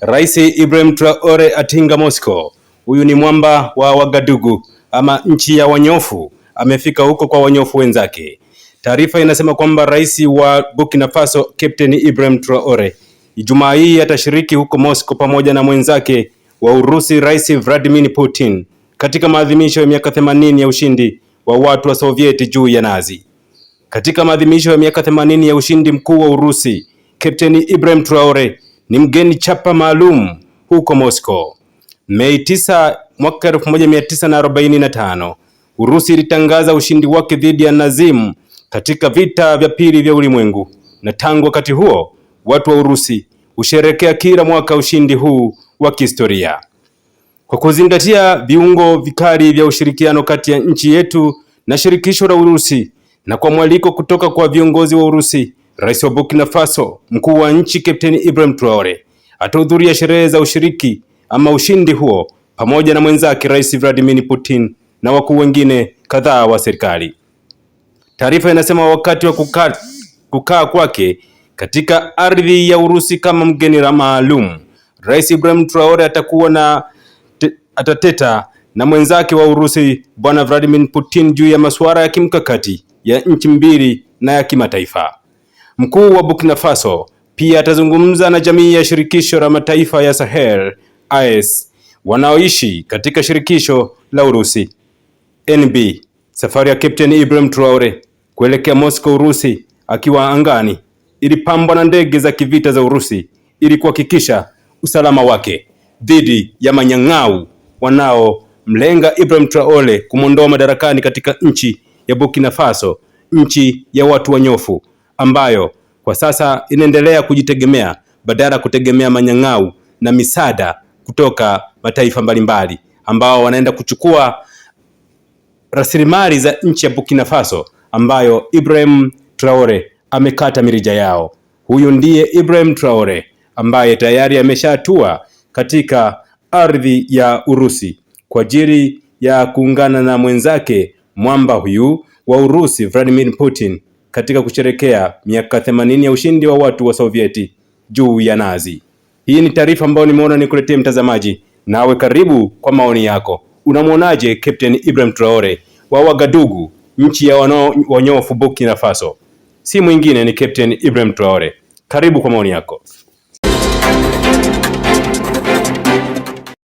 Rais Ibrahim Traore atinga Moscow. Huyu ni mwamba wa Wagadugu ama nchi ya wanyofu, amefika huko kwa wanyofu wenzake. Taarifa inasema kwamba rais wa Burkina Faso Captain Ibrahim Traore Ijumaa hii atashiriki huko Moscow pamoja na mwenzake wa Urusi Rais Vladimir Putin katika maadhimisho ya miaka 80 ya ushindi wa watu wa Sovieti juu ya Nazi. Katika maadhimisho ya miaka 80 ya ushindi mkuu wa Urusi, Captain Ibrahim Traore ni mgeni chapa maalum huko Moscow. Mei 9 mwaka 1945 Urusi ilitangaza ushindi wake dhidi ya Nazim katika vita vya pili vya ulimwengu, na tangu wakati huo watu wa Urusi husherekea kila mwaka ushindi huu wa kihistoria kwa kuzingatia viungo vikali vya ushirikiano kati ya nchi yetu na shirikisho la Urusi na kwa mwaliko kutoka kwa viongozi wa Urusi Rais wa Burkina Faso, mkuu wa nchi Kapteni Ibrahim Traore atahudhuria sherehe za ushiriki ama ushindi huo pamoja na mwenzake Rais Vladimir Putin na wakuu wengine kadhaa wa serikali. Taarifa inasema wakati wa kukaa kukaa kwake katika ardhi ya Urusi kama mgeni la maalum, Rais Ibrahim Traore atakuwa na atateta na mwenzake wa Urusi Bwana Vladimir Putin juu ya masuala ya kimkakati ya nchi mbili na ya kimataifa. Mkuu wa Burkina Faso pia atazungumza na jamii ya shirikisho la mataifa ya Sahel AES wanaoishi katika shirikisho la Urusi. NB safari ya Captain Ibrahim Traore kuelekea Moscow, Urusi, akiwa angani ilipambwa na ndege za kivita za Urusi ili kuhakikisha usalama wake dhidi ya manyang'au wanaomlenga Ibrahim Traore kumwondoa madarakani katika nchi ya Burkina Faso, nchi ya watu wanyofu ambayo kwa sasa inaendelea kujitegemea badala ya kutegemea manyang'au na misaada kutoka mataifa mbalimbali ambao wanaenda kuchukua rasilimali za nchi ya Burkina Faso ambayo Ibrahim Traore amekata mirija yao. Huyu ndiye Ibrahim Traore ambaye tayari ameshatua katika ardhi ya Urusi kwa ajili ya kuungana na mwenzake mwamba huyu wa Urusi Vladimir Putin katika kusherekea miaka 80 ya ushindi wa watu wa Sovieti juu ya Nazi. Hii ni taarifa ambayo nimeona nikuletee mtazamaji, nawe karibu kwa maoni yako. Unamwonaje Captain Ibrahim Traore wa Wagadugu, nchi ya wanyofu Burkina Faso? Si mwingine ni Captain Ibrahim Traore. Karibu kwa maoni yako.